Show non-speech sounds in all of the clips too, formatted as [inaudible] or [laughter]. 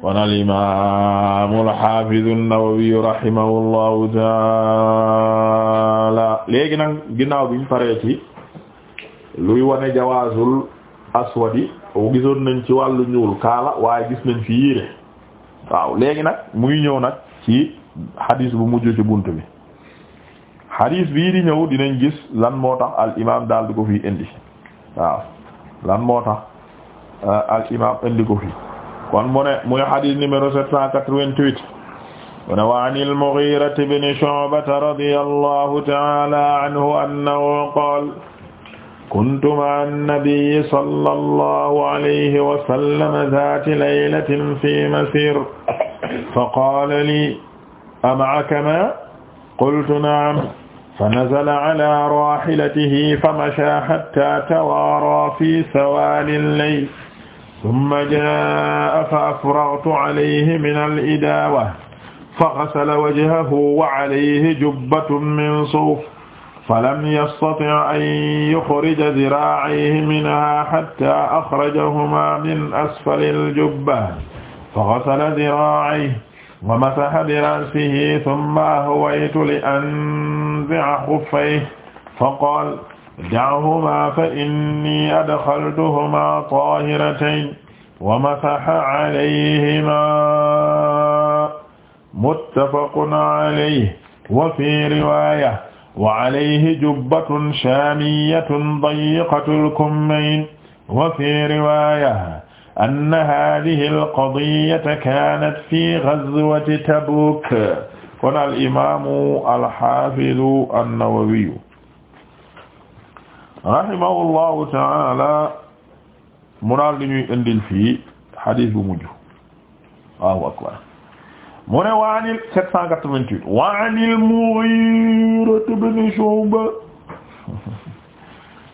kon al-imaam al-haafiz an-Nawawi rahimahullahu taala léegi nag ginnaaw biñ paree ci luy wane jawaazul aswadi oh, gisoon nañ ci wàllu ñuul kaala waaye gis nañ fi yére waaw léegi nag mu ngi ñëw nag ci xadiis bu mujj ci bunt bi xadiis bii di ñëw dinañ gis lan moo tax al imaam daal di ko fi indi waaw lan moo euh, al imaam indi ko fi. kon mu ne muy hadith numéro 788 mu ne wa an al-Mughira ibn Shu'ba radiyallahu ta'ala anhu annahu qala kuntu ma'a an-nabiyyi sallallahu alayhi wa sallam dhata laylatin fi masir faqala li ama'aka ma qultu na'am fanazala ala rahilatihi famasha hatta tawara fi sawali al-layl summa jaa'a fa afraghtu alayhi min al-idaawa fa ghasala wajhahu wa alayhi jubbatun min sawf falam yastati' an yukhrija diraa'ayhi minhaa hattaa akhrajahumaa min asfali al-jubba fa ghasala diraa'ayhi wa masaha bi ra'sihi thumma ahwaytu li anzi'a khuffayhi fa qaala da'humaa fa innii adxaltuhumaa taahiratayn wa masaha alayhimaa muttafaqun alayhi wa fii riwaaya wa alayhi jubbatun shaamiyyatun dayiqatul kummayn wa fii riwaaya anna haadihi alqadiyyata kaanat fii gazwati Tabuuk kon al imaamu al haafidu an-Nawawiyu rahimahullahu taala mu daal li ñuy indil fii hadis bu mujj waaw akbar mu ne waanil 788 waanil Mughira ibn Shu'ba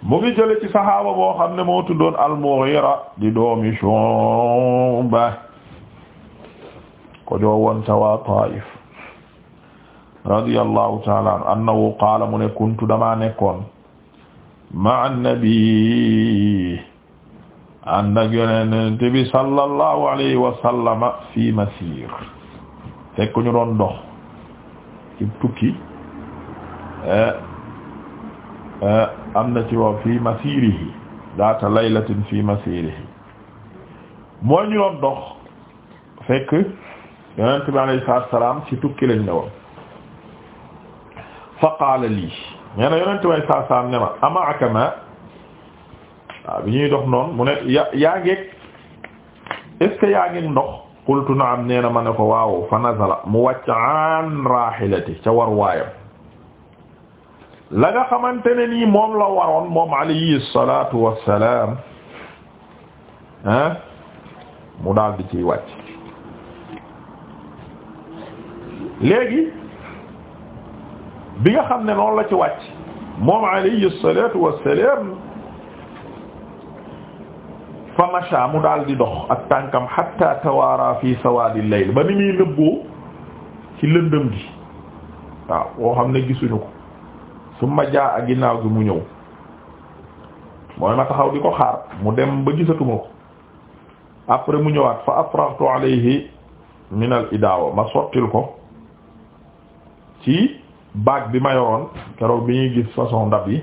mu ngi jële ci saxaaba boo xam ne moo tuddoon al-Mughira di doomi Shu'ba ko joo woon sa waa Taif radiyallahu taala anhu annahu qaala mu ne kuntu damaa nekkoon ma annabi ànd ak yonent bi sallallahu alayhi wa sallama fi masir fekk ñu doon dox ci tukki am na ci wa fi masirihi daata laylatin fi masirihi mooy ñu doon dox fekk yonent bi alayhi salaam ci tukki lañ ne woon fa qaala lii nee na yonent may saa saa ne ma ama akama waaw bi ñuy dox noonu mu ne yaa ngeeg est yaa ngeeg ndox qultu na'am nee na ma ne ko waaw fa nazala mu wàcc an rahilati ca war waayam la nga xamante ne nii moom la waroon moom alayhi salatu wassalam ah mu daal di ciy wàcc léegi bi nga xam ne noonu la ci wàcc moom alayhi salatu wassalam fa macha mu daal di dox ak tànkam hatta tawaara fi sawaadil layl ba ni muy nëbboo ci lëndëm gi waaw woo xam ne gisuñu ko summa jaa ak ginnaaw gi mu ñëw mooy ma taxaw di ko xaar mu dem ba gisatuma ko après mu ñëwaat fa afraghtu alayhi min al idaawa ma sottil ko ci baag bi ma keroog bi ñuy gis façon ndab yi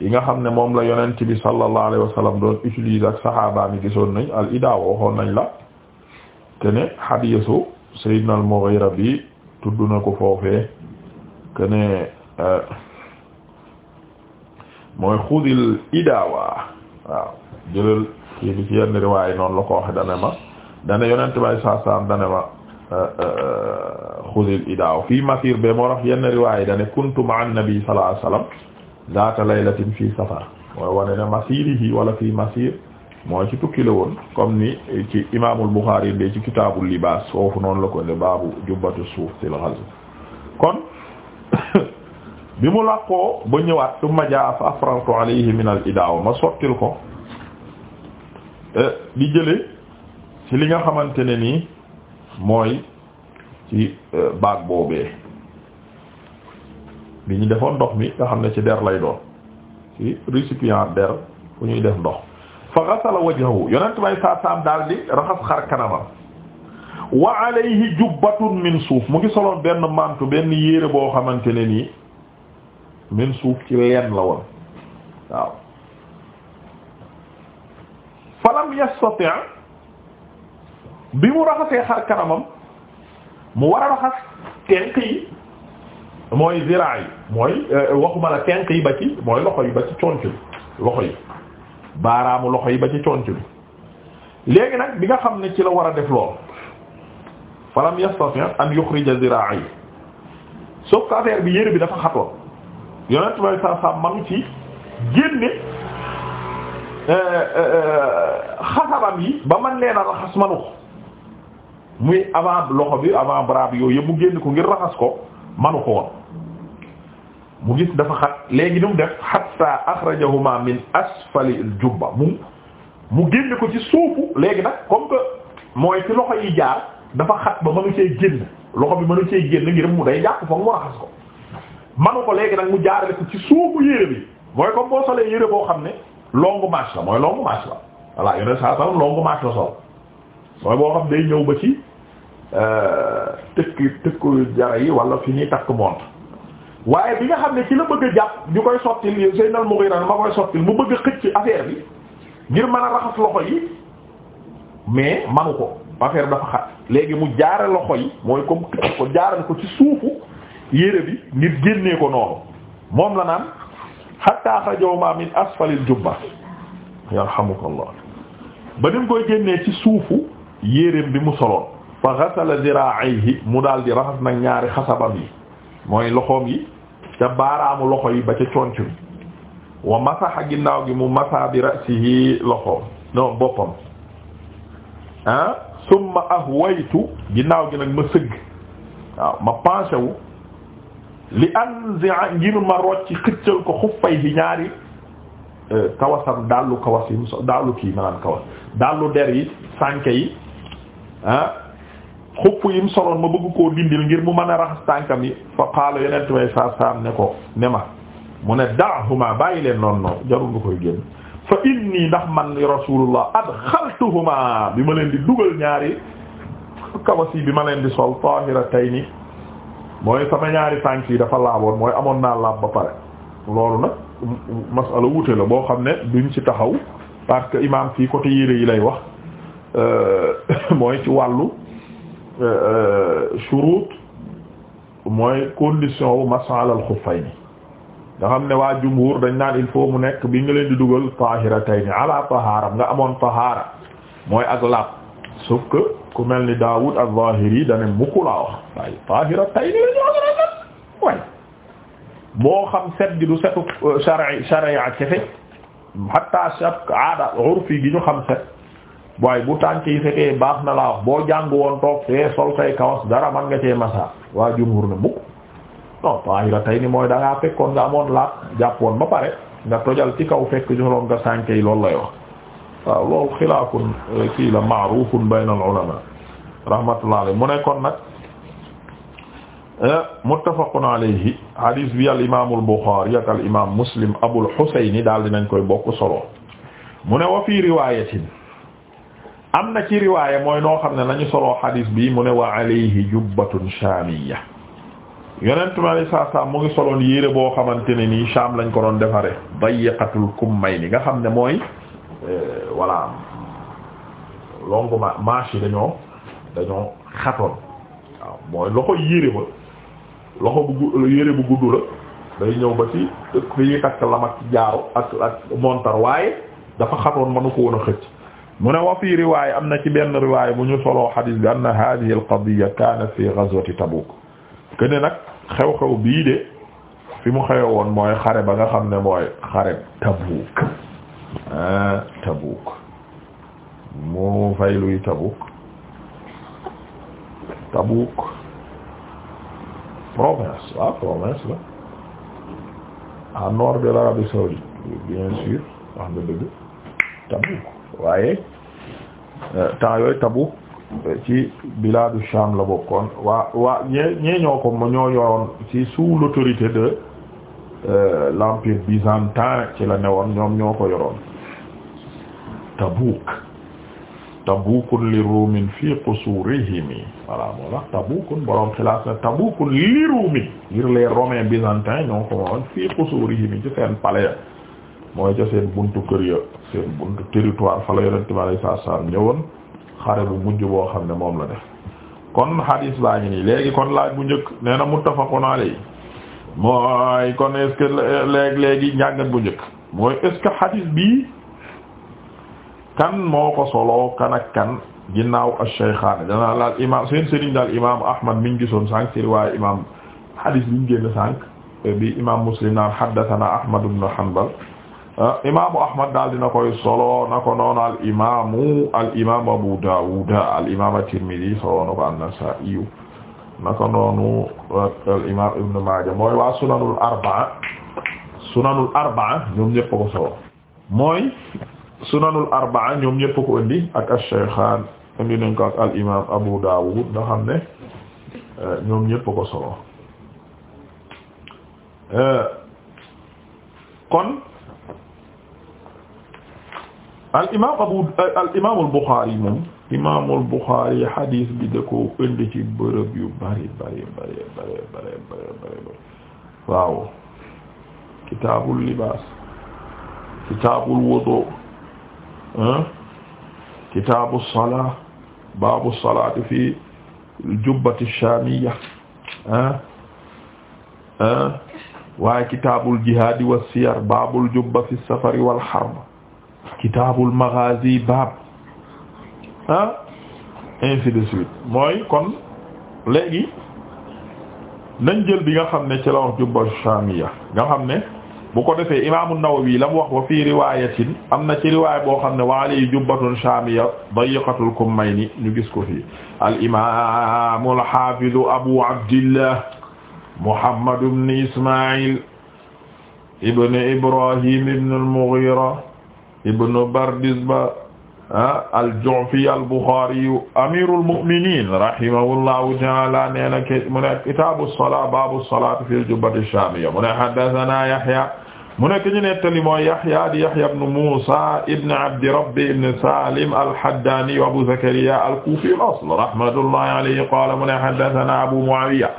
yi nga xam ne moom la yonent bi sallallahu alayhi wa sallam doon utiliser ak saxaaba mi gisoon nañ al idaaw waxoon nañ la te ne hadiisu Sayyidina al-Mughira bi tudd na ko foofee te ne euh, mooy xudil idaawa waaw jëlal kii bi ci yenn riwaay noonu la ko waxe dane ma dane yonent bay saa dane ma euh, euh, xudil idaaw fii masir be moo tax yenn riwaay dane kuntu ma annabi sallallahu alayhi wasallam zaata safar mooy wane ne masirihi wala fii masir mooy ci tukki la woon comme ni ci imaamul Buxaari de ci kitaabul libaas foofu noonu la ko ne baabu jubbatu suuf til ghazw kon [coughs] bi mu làqoo ba ñëwaat tumma jaa fa afrartu alayhi min al ma sottil ko eh, di jële ci li nga xamante ne nii mooy ci euh, baag boobee bi ñu defoon ndox mi nga xam ne ci der lay doon ci récipient der fu ñuy def ndox fa ghasala wajhahu yonent bay saa saam di raxas xar kanamam wa alayhi jubbatun min suuf mu ngi soloon benn mantu benn yére boo xamante ne nii min suuf ci leen la woon waaw falam yastati' bi mu raxasee xar kanamam mu war a raxas tenk yi mooy zira yi mooy euh, waxuma la tenk yi ba ci mooy loxo yi ba ci conc bi loxo yi baaraamu loxo yi ba ci conc bi léegi nag bi nga xam ne ci la war a def lool falam yastati an yuxrija ziraa yi sauf que bi yére bi dafa xatoon yonent may ci génne euh, euh, yi ba man leena raxas manu ko muy avant loxo bi avant bras yooyu yëpp mu génn ko ngir raxas ko manu ko woon mu gis dafa xat léegi nu mu def hatta akhrajahuma min asfali al-jubba mu mu génn ko ci suufu léegi nag comme que mooy ci loxo yi jaar dafa xat ba mënu cee génn loxo bi mënu cee génn ngir mu day jàpp foog mu raxas ko manu ko léegi nag mu jaarale ko ci suufu yére bi mooy comme boo solee yére boo xam ne longue manche la mooy longue manche la voilà yeneen saa sax longue manche Euh, tëkk tëkk jara yi wala fi ñuy takk montre waaye bi nga xam ne ci la bëgg jàpp ñu koy sottil Seynal Mughira ma koy sottil mu bëgg a xëcc affaire bi ngir man a raxas loxo yi mais manu ko affaire dafa xat léegi mu jaare loxo yi mooy comme xëcc ko jaaral ko ci suufu yére bi ngir génnee ko noonu moom la naan hatta xajawma min asfalil jubba yarhamukallah ba ni mu koy génnee ci suufu yéreem bi mu soloon fa xasala diraa'ihi mu daal di raxas nag ñaari xasabam yi mooy loxoom yi ca baaraamu loxo yi ba ca conc wa masaxa ginnaaw gi mu masaa bi ra'sihi loxoom boppam ah summa ahwaytu ginnaaw gi nag ma sëgg waaw ma penché wu li anzi'a ngir ma rocci xëccal ko xuffayhi ñaari euh, kawasam daalu kawas yi daalu kii maanaam kawas daalu der yi sànke yi ah, xupp yim soloon ma bëgg koo dindil ngir mu man a raxas tànkam yi fa qaala yenent may sa am ne ko ne ma mu ne daahuma bàyyi leen noon noonu jarul nga koy génn fa inni ndax man rasulullah adxaltuhuma bi ma leen di dugal ñaari kawas bi ma leen di sol tahiratayni mooy sama ñaari tànk yi dafa laaboon mooy amoon naa laab ba pare loolu nag masala wuute la boo xam ne duñ ci taxaw parce que imam fii côté yére yi lay wax euh, [laughs] mooy ci wàllu Euh, euh, shurut mooy condition wu mas'a ala al nga xam ne waa jumhur dañ naan il faut mu nekk bi nga leen di dugal tahiratayni ala tahara nga amoon tahara mooy ak laab ku mel ni Daawud az-Zahiri dane mukkulaa wax waaye tahiratayni moo xam set gi du setu shari euh, sharia kefe hatta xam set waaye bu tànk yi fekkee baax na laa boo jàng woon toog fee sol say kawas dara man nga cee massa waa jumhur na mukk non tahira tey ni mooy da fekkoon nga amoon laa jàppoon ba pare nga tojal ci kaw fekk soloon nga sànk yi loolu lay wax waaw loolu xilaafun euh, kii la ma'rufun bayna al ulama rahmatullah alayhi mu ne kon nag euh, muttafaqun alayhi hadis bi al imam al bukhari muslim abul husayn daal dinañ koy bokk solo mu ne wa fi am na ci riwaaya mooy noo xam ne nañu soloo xadiis bi mu ne waa alayhi jubbatun shaamiyya yonent mi alayhi salaatu salaam mu ngi soloon yére boo xamante ne nii Shaam lañ ko doon defaree dayiqatul kummayni nga xam ne mooy euh, voilà longu ma manche yi dañoo dañoo xatoon mooy loxo yére ba loxo bu yére bu gudd la day ñëw ba ci fi ñuy takk lam ak jaaro ak montar waaye dafa xatoon mënu ko woon a xëcc mu ne wa fii riwaaya am na ci benn riwaaya bu ñu soloo xadis bi anna hadihi al qadiya kaanat fi ghazwati Tabuk kene nag xew-xew bii de fi mu xewe woon mooy xare ba nga xam ne mooy xare Tabuk ah Tabuk mu fay luy Tabuk Tabuk province ah province la à nord de l'Arabie saoudite bien sûr Tabuk waaye euh, temps yooyu tabu ci biladu Sham la bokkoon waa waa ñee ñee ñoo ko ñoo yoroon ci sous l'autorité de euh, l'empire byzantin ci la newoon ñoom ñoo ko yoroon Tabuk tabukun li ruumin fii qusurihim voilà moo tax tabukun borom xilaas na tabukun li ruumin ngir les romains ñoo ko moowoon fii qusurihim ci seen palais mooy ca seen buntu kër ya seen buntu territoire fa la yonente bi alayhi salaatu ñëwoon xare bu mujj boo xam ne moom la def kon hadis baa ngi nii léegi kon laaj bu njëkk nee na muttafaqun alayhi mooy kon est-ce que léegi léegi njàngat bu njëkk mooy est-ce que hadis kan moo ko soloo kan ak kan ginnaaw ash-shaykhaan danaa laal imam seen sëriñ daal imam ahmad mi ngi gisoon sànq si riwaaya imam hadis génn sànq bi imam muslim naan haddathana ahmad ibn hanbal Ah, imaamu Ahmad daal dina koy solo na ko noonu al imaamu al imaamu Abu Dawud al imaamu at-Tirmidhi solo na ko an-Nasa'i na ko noonu uh, al imaamu Ibn Maaja mooy waa sunanul arba'a sunanul arba'a ñoom ñëpp ko solo mooy sunanul arba'a ñoom ñëpp ko indi ak ash-Shaykhaan indi nañ ko ak al imaam Abu Dawud nga xam ne uh, ñoom ñëpp ko solo uh, kon. al imaam abu al imaamul Buxaari moom imaamul Buxaari xadiis bi da ko indi ci bërëb yu bari bari bari bari bari bari bari waaw kitaabul libaas kitaabul wudu kitaabu salaa baabu salaati fi jubbati shaamiya waaye kitaabul jihaadi wa siyar baabul jubba fi safari wal harb kitaabul maghazi baab ah ainsi de suite mooy kon léegi nañ jël bi nga xam ne ci la wax jubba shamiya nga xam ne bu ko defee imaamu Nawawi la mu wax wa fii riwaayatin am na ci riwaay boo xam ne wa alayhi jubbatun shamiya dayiqatul kummayni ñu gis ko fii al imaamu al haafidu abu abdillah muhammad ibn ismail ibn ibrahim ibn al mughira ibnu Bardizbah al-Ju'fi al-Bukhari amirul mu'minin rahimahullahu ta'ala nee na ke mu ne kitaabu salaa baabu salaati fil jubbati shaamiyya mu ne haddathana Yahya mu ne ki ñu nettali mooy Yahya di Yahya ibn Musa ibn Abdi Rabbi ibn Salim al-Haddani wa Abu Zakariya al-Kufi al-asl rahmatullahi alayhi qala mu ne haddathana Abu Muawiya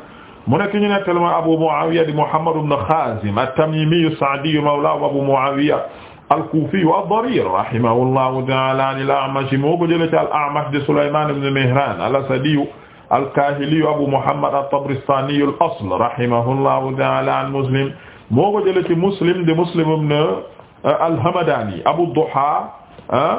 mu ne ki ñu nettali mooy Abu Muawiya di Muhammad ibn Khazim at-Tamimi as-Sa'di mawla Abu Muawiya al-Kufi ad-Darir rahimahullahu ta'ala an al-A'mash moo ko jëlee ci al-A'mash de Sulayman ibn Mihran al-Asadi al-Kahili Abu Muhammad at-Tabaristani al-asl rahimahullahu ta'ala an Muslim moo ko jëlee ci Muslim de Muslim ibn uh, al-Hamadani Abu Duha uh,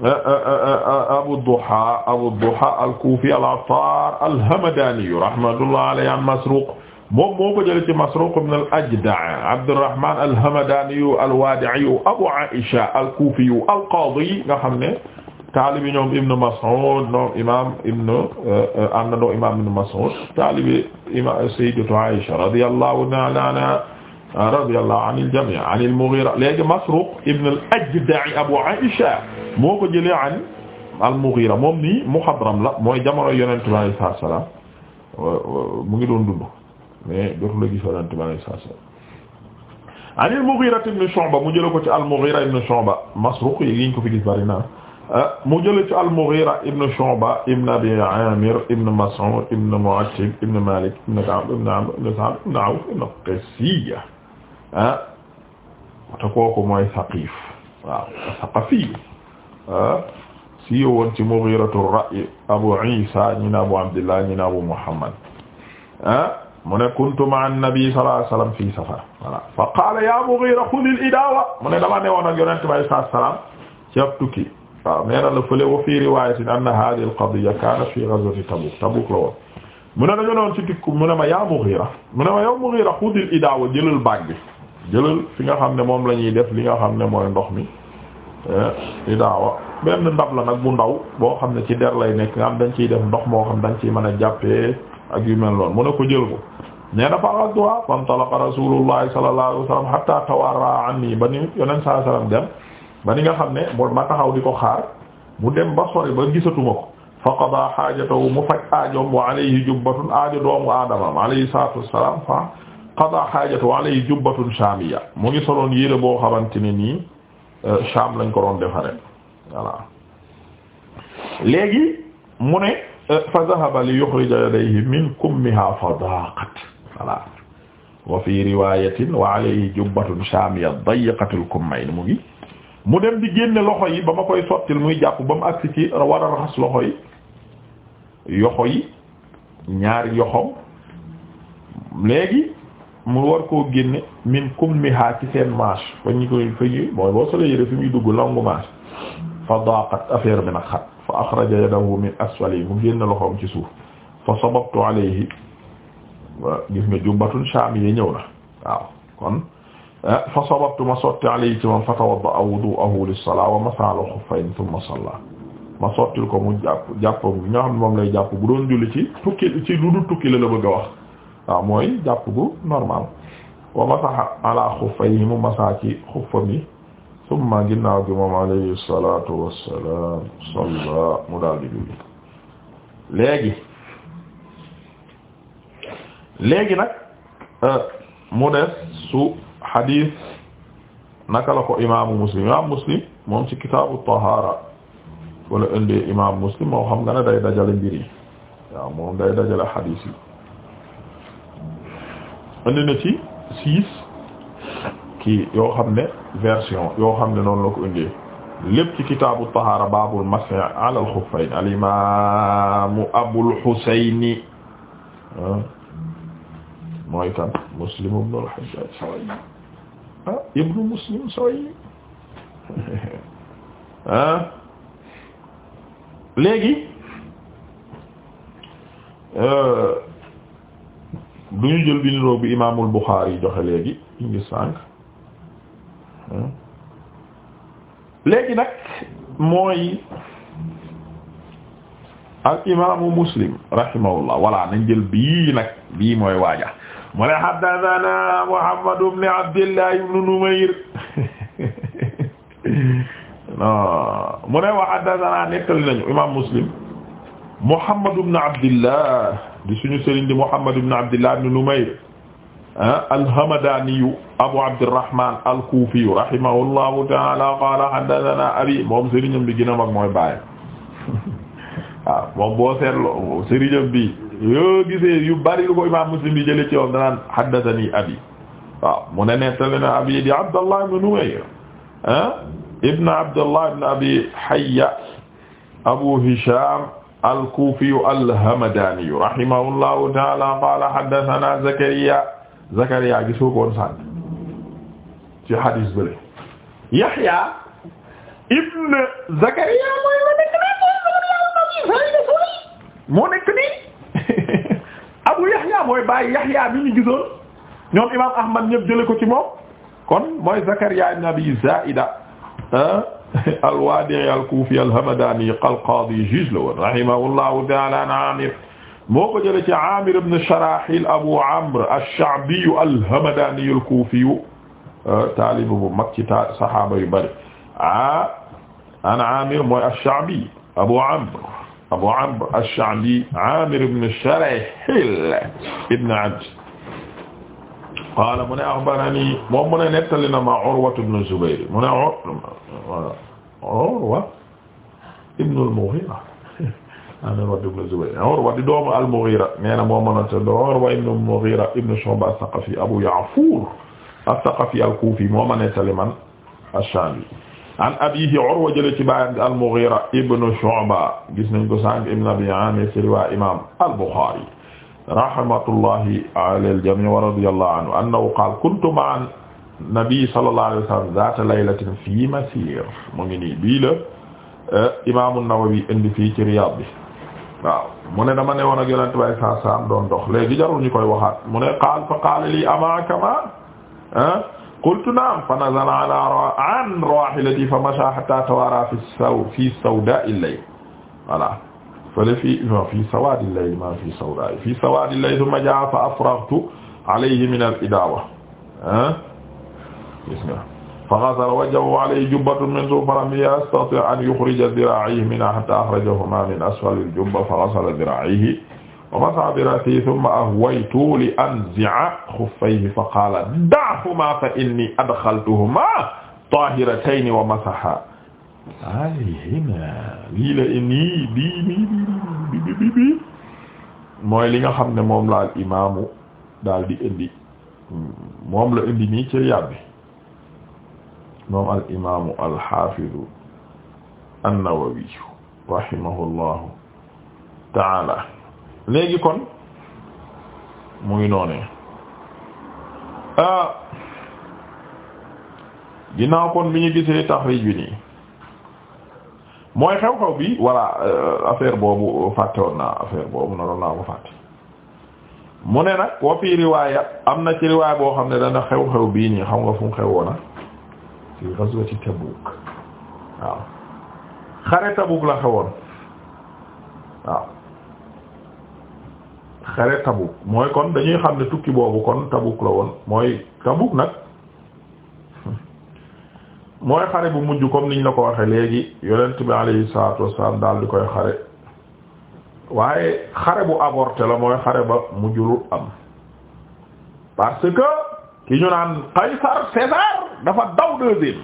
uh, Abu Duha Abu Duha al-Kufi al-Attar al-Hamadani rahmatullahi alayhi an Masruq moom moo ko jëlee ci Masruq ibn al-Ajda' Abdurrahman al-Hamadani al-Wadi'i Abu Aisha al-Kufi al-Qadi nga xam ne taalibi ñoom Ibn Mas'ud ñoom imaam Ibn euh, àndandoo imaam Ibn Mas'ud taalibi imaam Sayyidatu Aisha radiyallahu ta'ala anha radiyallahu anil jami' anil Mughira léegi Masruq ibn al-Ajda' Abu Aisha moo ko jëlee an al-Mughira moom nii muxadram la mooy jamono Yonent bi sallallahu alayhi wa sallam mu ngi doon dund. mais dootu la gis yonent bi alayhi salaam anil Mughira ibn Shu'ba mu jële ko ci al Mughira ibn Shu'ba masruq yi ñu ko fi gis bari na mu jële ci al Mughira ibn Shu'ba ibn Abi Amir ibn Mas'ud ibn Mu'attib ibn Malik ibn Ka'b ibn Amr ibn Sa'd ibn Awf ibn Qasiyya ah te kooku mooy Saqif waaw Saqafi ah, si woon ci Mughiratu ar-Ra'y Abu Isa ñi na Abu Abdillah ñi na Abu Muhammad ah mu ne kuntu ma annabi sallallahu alayhi wasallam fii safar voilà fa qaala ya Mughira xudil idaawa mu ne dama newoon ak yonente bi alayhi salaam ci ab tukki waaw nee na la fële wa fii riwaayatin anna haadhihi al-qadiyya kaanat fii ghazwati Tabuk Tabuk la woon mu ne dañu newoon ci tukki mu ne ma ya Mughira mu ne ma yow Mughira xudil idaawa jëlal baag bi jëlal fi nga xam ne moom la ñuy def li nga xam ne mooy ndox mi eh, idaawa benn ndab la nag bu ndaw boo xam ne ci der lay nekk am dañ ciy def ndox moo xam dañ ciy mën a jàppee ak yu mel noonu mu ne ko jël ko nee na fa adduha fantalaqa rasulullahi sallallahu alayhi wa anni ba ni yoneen sallallahu alayhi dem ba ni nga xam ne moo ma taxaw di ko xaar mu dem ba sori ba gisatuma ko fa qada haajatahu mu faj aajoom wa alayhi jubbatun aajo doomu aadamam alayhi salatu wassalam fa qada haajatahu alayhi jubbatun shamiya mu ngi soloon yére boo xamante ne nii euh, Sham lañ ko doon defare voilà mu ne Euh, fa dhahaba li yukhrija yadayhi min kummiha fa daqat voilà wa fi riwayatin wa alayhi jubbatun shamiya dayiqatul kummayn mu ngi mu dem di génne loxo yi ba ma koy sottil muy jàpp ba mu agsi ci war a raxas loxo yi yoxo yi ñaari yoxom léegi mu war koo génne min kummiha ci seen manche fa ñu koy fa ñu mooy boo solee yére fi muy dugg longu manche fa daqat affaire bi nag xat fa axraja yadahu min asfali mu génn loxoom ci suuf fa sababtu alayhi gis nga jumbatun shaami yi ñëw na waaw kon eh, fa sababtu ma sotti alayhi ci moom fa tawadda'a wudu'ahu lis-salaa wa masaha ala xuffayn thumma salla ma sottil ko mu jàpp jàppam bi nga xam ne moom lay jàpp bu doon julli ci tukki ci lu dul tukki la la bëgg a wax waaw mooy jàpp gu normal wa masaha ala xuffayhi mu masaa ci xuffam yi summa ginnaaw gi moom alayhi salatu wassalam salla mu daal di julli léegi léegi nag euh, mu des su hadith naka la ko imaamu muslim imaamu muslim moom ci kitaabu tahaara wala indi imaamu muslim moo xam nga ne day dajale mbir yi waaw moom day dajale hadith yi indi ci six kii yoo xam ne version yoo xam ne noonu la ko indee lépp ci kitaabu tahaara baabul masih ala al xuffayn al imaamu abul xusayni ah, mooy muslim ibnu al hajjaaj sawayi ah muslim sawayi [laughs] ah léegi euh, du ñu jël bi niroo bi imaamul buxaari joxe léegi ñu sànq. Hmm? léegi nag mooy al imaamu muslim rahimahullah walla nañ jël bii nag bii mooy waaja mu ne haddathana Muhammad ibn Abdillah ibn Numayr [laughs] non mu ne wa haddathana nettali nañu imaam muslim Muhammad ibn Abdillah di suñu sëriñ di Muhammad ibn Abdillah ibn Numayr Ah, alhamadaniyu abou abdirahman alkoufiyu rahimahullahu taala qala hadathana abi moom sëriñam bi gën a mag mooy bàyyi waaw [laughs] ah, moom boo seetloo sëriñam bi yoo gisee yu bari lu ko imam muslim bi jële ci yoon danaan hadathani abi waaw ah, mu ne nettali na abi di abdallah ibn numayr ibn abdallah ibn abi hayya abou hisham alkoufiyu alhamadaniyu rahimahullahu taala qala hadathana zakariya Zakariya gisoo ko woon sànq ci hadis bële Yahya ibn Zakariya mooy ma nekk na moo nekk nii [laughs] Abu Yahya mooy baay Yahya bi ñu gisoon ñoom imaam Ahmad ñëpp jële ko ci moom kon mooy Zakariya ibn Abi Zaida ah, [laughs] al-Wadi'i al-Kufi al-Hamadani al-Qadi Jijl rahimahullahu ta'ala an Amir moo ko jëlee ci Aamir ibn Sharahil Abu Amr ash-Sha'bi al-Hamadani al-Kufi euh, taalib bu mag ci ta saxaaba yu bëri ah an Aamir mooy ash-Sha'bi Abu Amr Abu Amr ash-Sha'bi Aamir ibn Sharahil ibn Abd qaala mu ne axbarani moom mu ne nettali na ma Urwa ibn Zubayr mu ne Urwa ibn al-Mughira an Urwa ibn Zubayr Urwa di doomu al-Mughira nee na moo mënante Urwa ibn al-Mughira ibn Shu'ba as-Saqafi Abu Ya'fur as-Saqafi al-Kufi moo ma nettali man ash-Shami an abiihi Urwa jële ci baayam al-Mughira ibn Shu'ba gis nañ ko sànq ibn Abi Amir ci riwaa imaam al-Bukhari rahmatullahi ala al-jami' wa radiyallahu anhu annahu qaala kuntu ma'a an-nabi sallallahu alayhi wa sallam zaata laylatin fi masir mu ngi nii bii la eh, imaam an-Nawawi indi fii ci Riyad bi waaw mu ne dama ne woon ak yonent bay saa saam doon dox léegi jarul ñu koy waxaat mu ne qaal fa qaala lii amaakama ah qultu naam fa nazala ala an rahilati fa masha hatta tawara fi saw fi sawda'i layl voilà fale fi non fi sawadi layl ma fi sawda'i fi sawadi layl thumma jaa fa afraghtu alayhi min al idawa ah gis nga fa xasara wajhahu alayhi jubbatun min sufara lam yastati' an yukhrija diraa'ihi minhaa hattaa axrajahumaa min asfalil jubba fa xasala diraa'ihi wa masaha bi ra'sihi thumma ahwaytu li anzi'a khuffayhi fa qaala da'humaa fa innii adkhaltuhumaa taahiratayn wa masaha alayhimaa lii la nii bii bii bii bii mooy li nga xam ne moom la al imaamu daal di indi hmm, moom la indi nii ci Riyaad bi moom al imaamu al xaafidu an-Nawawi rahimahullahu taala léegi kon mu ngi noonee ah, ginnaaw kon bi ñu gisee taxrij bi nii mooy xew-xew bi voilà euh, affaire boobu fàtte woon boobu naroon naa ko fàtte mu ne nag wa fii riwaaya am na ci riwaaya boo xam ne dana xew-xew bii nii xam nga fu mu xewoona fi ghazwati Tabuk waaw xare Tabuk la xewoon waaw xare Tabuk mooy kon dañuy xam ne tukki boobu kon Tabuk la woon mooy Tabuk nag [laughs] mooy xare bu mujj comme niñ la ko waxee léegi yonent bi alayhi salaatu wassalaam daal di koy xare waaye xare bu avorté la mooy xare ba mujjul am parce que ki ñu naan Qaysar dafa daw deuxième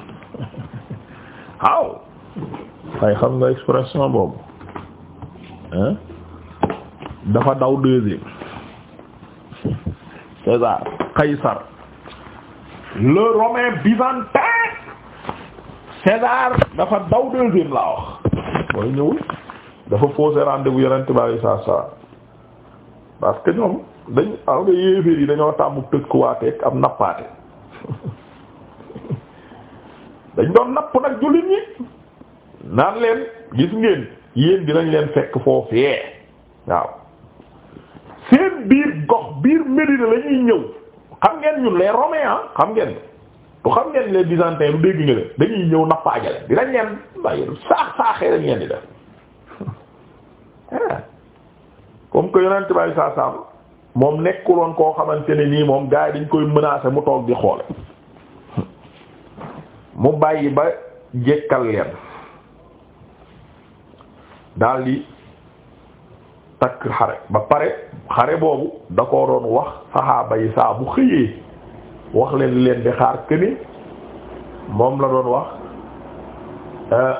waaw waaye xam nga expression boobu hein dafa daw deuxième César Qaysar le romain byzantin César dafa daw deuxième laa wax mooy ñëwul dafa faussé rendez-vous yeneen tubaab yi saa saa parce que ñoom dañ aw nga yéeféer yi dañoo tàmm tëkkuwaateeg am nappaate dañ doon napp nag jullit ñi naan leen gis ngeen yéen dinañ leen fekk foofee waaw seen biir gox biir Médina la ñuy ñëw xam ngeen ñun les romains ah, xam ngeen du xam ngeen les byzantins lu dégg nga leen dañuy ñëw nappaajale dinañ leen waaye saax saaxee dañ leen di def [laughs] ah. comme que yonent bay moom nekkuloon koo xamante ne nii moom gars yi dañ koy menacer mu toog di xoole mu bàyyi ba jekkal leen daldi takk xare ba pare xare boobu da koo doon wax saxaaba yi saa bu xëyee wax leen li leen di xaar këni moom la doon wax euh,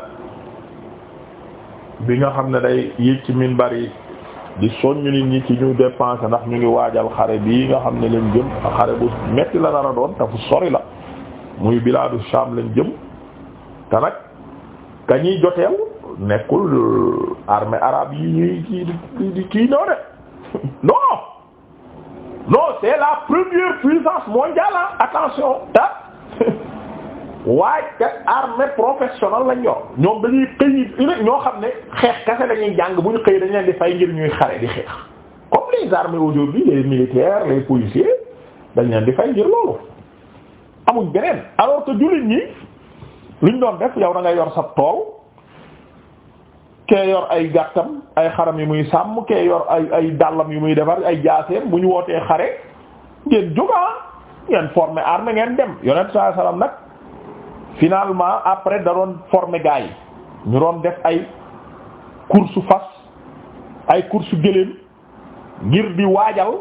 bi nga xam ne day yéeg ci minbar yi di soññu nit ñi ci ñu dépenser ndax ñu ngi waajal xare bii nga xam ne leen jëm xare bu metti la nar a doon te fu sori la muy bilaadu Sham leen jëm te nag ka ñuy joteel nekkul armée arabe yi ñuy kii di kii noo de [laughs] non c'est la première puissance mondiale attention ta [laughs] waaj kat armée professionnelle lañ yor ñoom dañuy xëy ñoo xam ne xeex kese lañuy jàng bu ñu xëy dañ leen di fay ngir ñuy xare di xeex comme les armées aujourd'hui les militaires les policiers dañ leen di fay ngir loolu amuñ beneen alors que jullit ñi luñ doon def yow da ngay yor sa tool kee yor ay gàttam ay xaram yi muy sàmm kee yor ay dàllam yu muy defar ay jaaseem bu ñu wootee xare ngeen jógaa ah, ngeen former armée ngeen dem yonent sallallahu alayhi nag finalement après da doon former gars yi ñu doon def ay course fas ay course gëléem ngir di waajal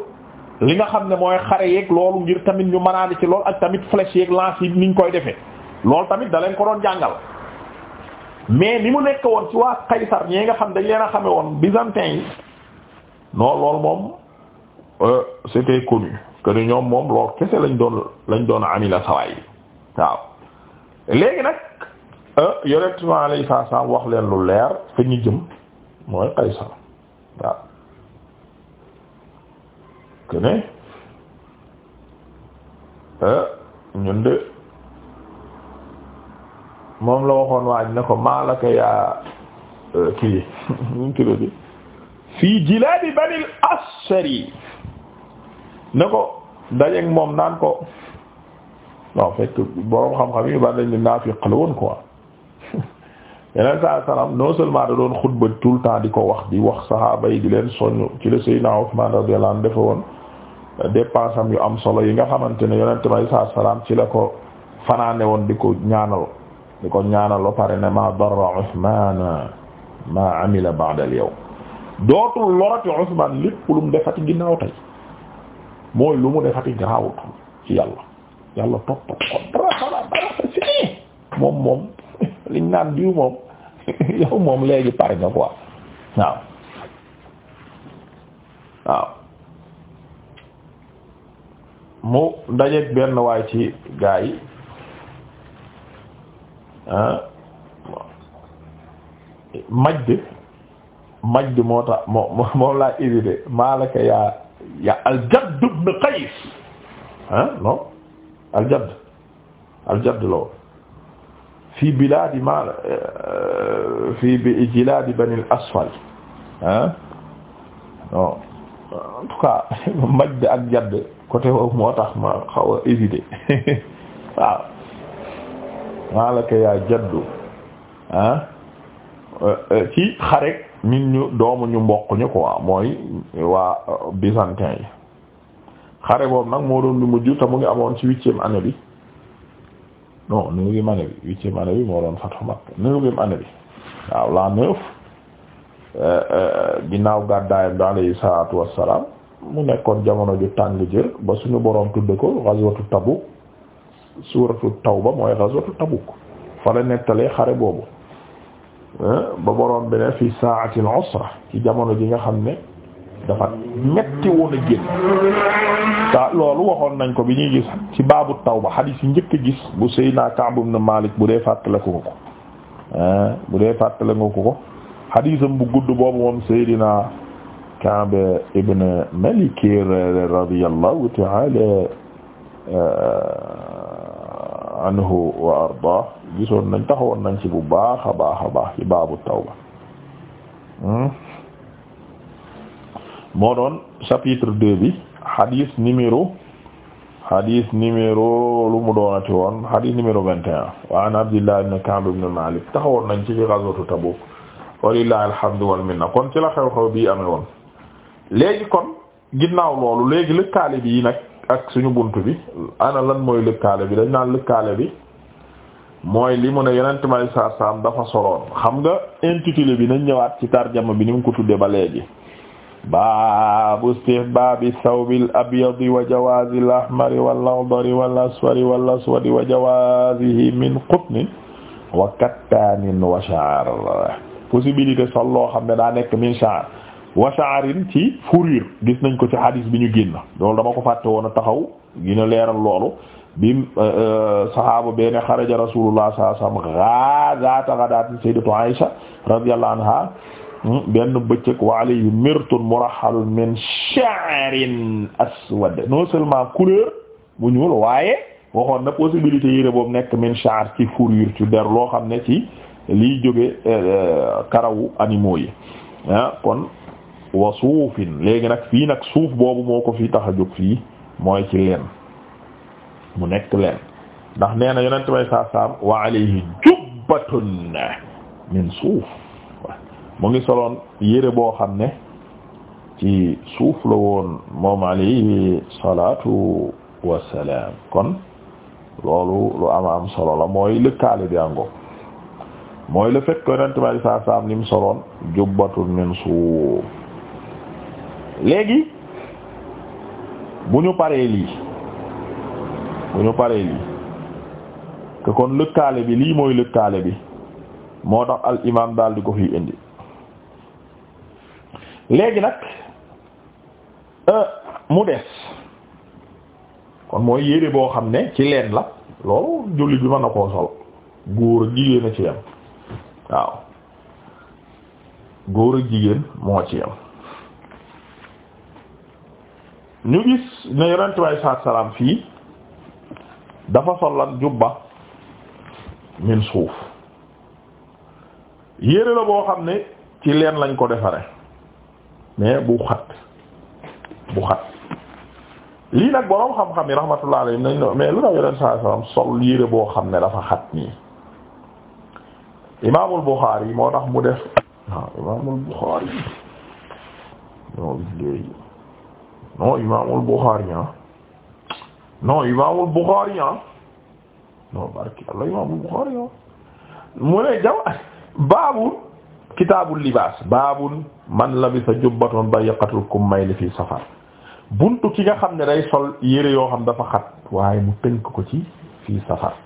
li nga xam ne mooy xare yéeg loolu ngir tamit ñu mënaale ci loolu ak tamit flèche yeeg lance yi niñ koy defee lool tamit da leen ko doon jàngal mais ni mu nekk woon ci waa Kaysar ñi nga xam dañ leen a xame woon byzantin yi non loolu moom euh, c'était connu que ñoom moom loolu kese lañ doon lañ doon amila sawaay yi waaw léegi nag euh, yonent bi alayhi salaam wax leen lu leer fa ñu jëm mooy Qaysar waaw que ne euh, ñun de moom la waxoon waaj ne ko maalaka yaa euh, kii ñu kilo bi fii jilaabi Bani al ne ko dajeek moom naan ko non fekk borom xam-xam yi ban lañ ne naafiq la woon quoi yeneen saa salaam non seulement da doon xutba tout le temps di ko wax di wax saxaaba yi di leen soññ ci la Seydina Usmaan radiyallahu anhu defe woon euh, dépense yu am solo yi nga xamante ne yonent may saa salaam ci la ko fanaane woon di ko ñaanal di ko ñaanal ba pare ne ma darra Usmaan ma amila ba'da al dootul lorati Usmaan lépp lu mu defati ginnaaw tey mooy lu mu defati garaawut ci yàlla. yàlla toppatoo ko moom moom [laughs] liñ naan diw moom [laughs] yow moom léegi pare nga quoi waaw waaw mu dajeeg benn waay ci gaa yi majd majd moo tax moo moo laa évité maalaka yaa yaa al Jadd ibn Qays ah aljadd aljadd la woon fii bilaadi ma eh, fii bi jilaadi asfal ah non en tout cas [laughs] majd ak jadd côté boobu moo tax ma xaw a éviter [laughs] waaw maa la ko jaddu ah ci xarek min ñu doomu ñu mbokk ñu quoi mooy waa euh, byzantin xare boobu nag moo doon lu mujj te mu ngi amoon ci huitième année bi non neuvième année bi huitième année bi moo doon Fathu Makka neuvième année bi waaw la neuf euh, euh, ginnaaw gàddaayam bi alayhi salaatu wassalaam mu nekkoon jamono ju tàng jër ba suñu boroom tudd ko ghazwatu Tabuk suuratu Tawba mooy ghazwatu Tabuk fa la nettalee xare boobu ba boroom bi ne fi sa'atil usra ci jamono ji nga xam ne dafa metti woon a génn te loolu waxoon nañ ko bi ñuy gis ci baabu tawba xadiis yi njëkk a gis bu Seydina Ka'b ibn Malik bu dee fàttaliku ko ko bu dee fàttaliku ko ko xadiisam bu gudd boobu moom Seydina Ka'b ibn Malik radiyallahu ta'ala eh, anhu gisoon nañ taxawoon nañ ci bu baax a baax a baax ci baabu tawba hmm? moo doon chapitre deux bi hadith numéro hadith numéro lu mu doonati woon hadith numéro vingt waa un wa an Abdillah ibn Ka'b ibn Malik taxawoon nañ ci fi ghazwatu Tabuk walillahi alhamdu wal minna kon ci la xew-xew bii amee woon léegi kon ginnaaw loolu léegi lëkkaale bi nag ak suñu bunt bi ana lan mooy lëkkaale bi dañ naan lëkkaale bi mooy li mu a yonent may saar saam dafa soloon xam nga intitulé bi nañ ñëwaat ci tarjama bi ni mu ko tuddee ba léegi baabu istihbaabi sawbil abyadi wa jawaazil ahmari wal axdari wal asfari wal aswadi wa jawaazihi min qutnin wa kattaanin wa sha'r possibilité sol loo xam ne daa nekk min sha'r wa sha'rin ci fourrure gis nañ ko ci hadis bi ñu génn loolu dama ko fàtte woon a taxaw gina leeral loolu bi euh, sahaaba benn xaraja rasulullah sallallahu alayhi wasallam ghazata ghadati sayyidatu Aisha radiyallahu anha Hmm? benn bëccëg wa alayhi mirtun murahalun min sha'rin aswad non seulement couleur bu ñuul waaye waxoon na possibilité yére boobu nekk min sha'r ci fourrure ci der loo xam ne ci liy jóge eh, eh, karawu animaux yi ah, kon wa suufin léegi nag fii nag suuf boobu moo ko fi tax a jóg fii mooy ci leen mu nekk leen ndax nee na yonent bay saa saam wa alayhi jubbatun min suuf mu ngi soloon yére boo xam ne ci suuf la woon moom alayhi salaatu wassalaam kon loolu lu ama am solo la mooy lëkkaale bi àngo mooy le fait que yonent bi saa saam soloon jubbatun min suuf léegi bu ñu paree lii bu ñu paree lii que kon lëkkaale bi lii mooy lëkkaale bi moo tax al imaam daal di ko fi indi léegi nag euh, mu des kon mooy yére boo xam ne ci leen la loolu jullit bi mën na koo sol góor ak jigéen a ci yam waaw góor ak jigéen moo ci yam ñu gis ne yonent bi alayhi salaam fii dafa sol jubba min suuf yére la boo xam ne ci leen lañ ko defare mais bu xat bu xat lii nag boroom xam-xam yi rahmatullah alayhi nañ no mais lu tax yoleen saai sallam sol yére boo xam ne dafa xat nii imaamul Buxaari yi moo tax mu def waaw imaamul Buxaari non léegi non imaamul Buxaari ah non imaamul Buxaari ah non barki Allah imaamul Buxaari ah mu ne jaw baabu kitaabul libaas baabul man labisa jubbatan dayiqatul kummayli fi safar buntu ki nga xam ne day sol yére yoo xam dafa xat waaye mu tënk ko ci fii safar